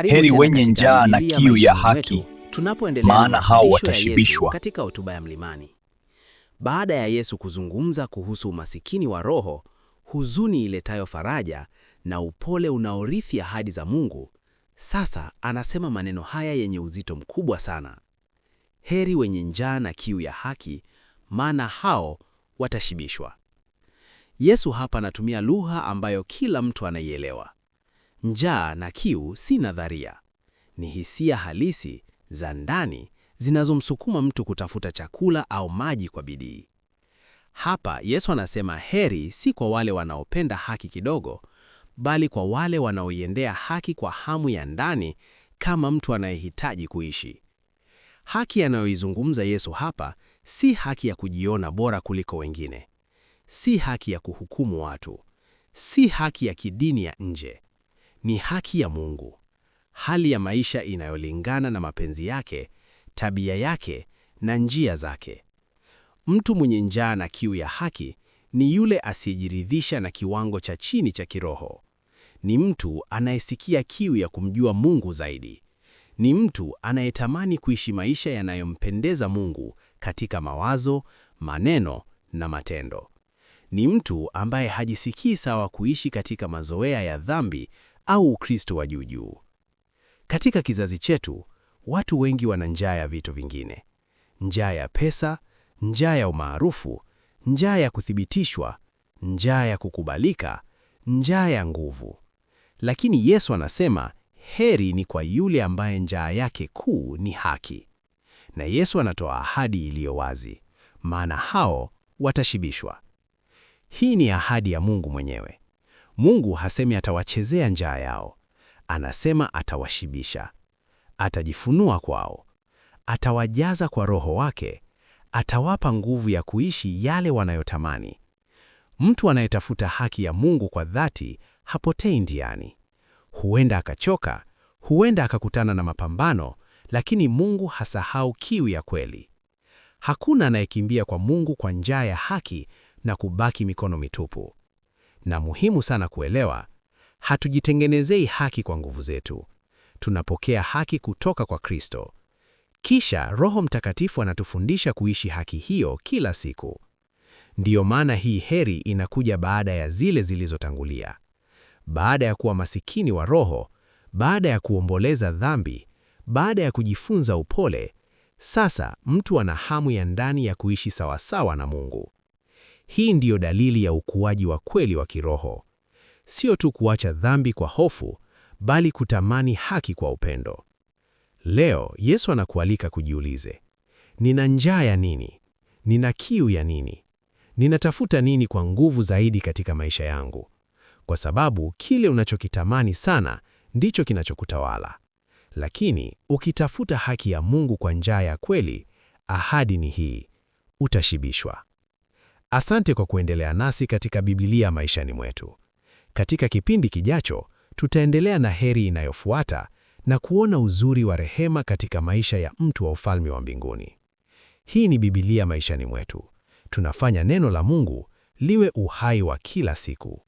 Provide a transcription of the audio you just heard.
heri wenye njaa na kiu ya haki, maana hao watashibishwa. Katika hotuba ya Mlimani, baada ya Yesu kuzungumza kuhusu umasikini wa roho, huzuni iletayo faraja na upole unaorithi ahadi za Mungu, sasa anasema maneno haya yenye uzito mkubwa sana: heri wenye njaa na kiu ya haki, maana hao watashibishwa. Yesu hapa anatumia lugha ambayo kila mtu anaielewa. Njaa na kiu si nadharia, ni hisia halisi za ndani zinazomsukuma mtu kutafuta chakula au maji kwa bidii. Hapa Yesu anasema heri si kwa wale wanaopenda haki kidogo, bali kwa wale wanaoiendea haki kwa hamu ya ndani, kama mtu anayehitaji kuishi. Haki anayoizungumza Yesu hapa si haki ya kujiona bora kuliko wengine, si haki ya kuhukumu watu, si haki ya kidini ya nje, ni haki ya Mungu, hali ya maisha inayolingana na mapenzi yake, tabia yake na njia zake. Mtu mwenye njaa na kiu ya haki ni yule asiyejiridhisha na kiwango cha chini cha kiroho. Ni mtu anayesikia kiu ya kumjua Mungu zaidi. Ni mtu anayetamani kuishi maisha yanayompendeza Mungu katika mawazo, maneno na matendo. Ni mtu ambaye hajisikii sawa kuishi katika mazoea ya dhambi au Ukristo wa juu juu. Katika kizazi chetu, watu wengi wana njaa ya vitu vingine: njaa ya pesa, njaa ya umaarufu, njaa ya kuthibitishwa, njaa ya kukubalika, njaa ya nguvu. Lakini Yesu anasema heri ni kwa yule ambaye njaa yake kuu ni haki. Na Yesu anatoa ahadi iliyo wazi, maana hao watashibishwa. Hii ni ahadi ya Mungu mwenyewe. Mungu hasemi atawachezea njaa yao, anasema atawashibisha, atajifunua kwao, atawajaza kwa Roho wake, atawapa nguvu ya kuishi yale wanayotamani. Mtu anayetafuta haki ya Mungu kwa dhati hapotei ndiani. Huenda akachoka, huenda akakutana na mapambano, lakini Mungu hasahau kiu ya kweli. Hakuna anayekimbia kwa Mungu kwa njaa ya haki na kubaki mikono mitupu. Na muhimu sana kuelewa, hatujitengenezei haki kwa nguvu zetu. Tunapokea haki kutoka kwa Kristo. Kisha Roho Mtakatifu anatufundisha kuishi haki hiyo kila siku. Ndiyo maana hii heri inakuja baada ya zile zilizotangulia. Baada ya kuwa masikini wa roho, baada ya kuomboleza dhambi, baada ya kujifunza upole, sasa mtu ana hamu ya ndani ya kuishi sawasawa na Mungu. Hii ndiyo dalili ya ukuaji wa kweli wa kiroho. Sio tu kuacha dhambi kwa hofu, bali kutamani haki kwa upendo. Leo Yesu anakualika kujiulize, nina njaa ya nini? Nina kiu ya nini? Ninatafuta nini kwa nguvu zaidi katika maisha yangu? Kwa sababu kile unachokitamani sana ndicho kinachokutawala. Lakini ukitafuta haki ya Mungu kwa njaa ya kweli, ahadi ni hii: utashibishwa. Asante kwa kuendelea nasi katika Biblia maishani mwetu. Katika kipindi kijacho, tutaendelea na heri inayofuata na kuona uzuri wa rehema katika maisha ya mtu wa ufalme wa mbinguni. Hii ni Biblia maishani mwetu. Tunafanya neno la Mungu liwe uhai wa kila siku.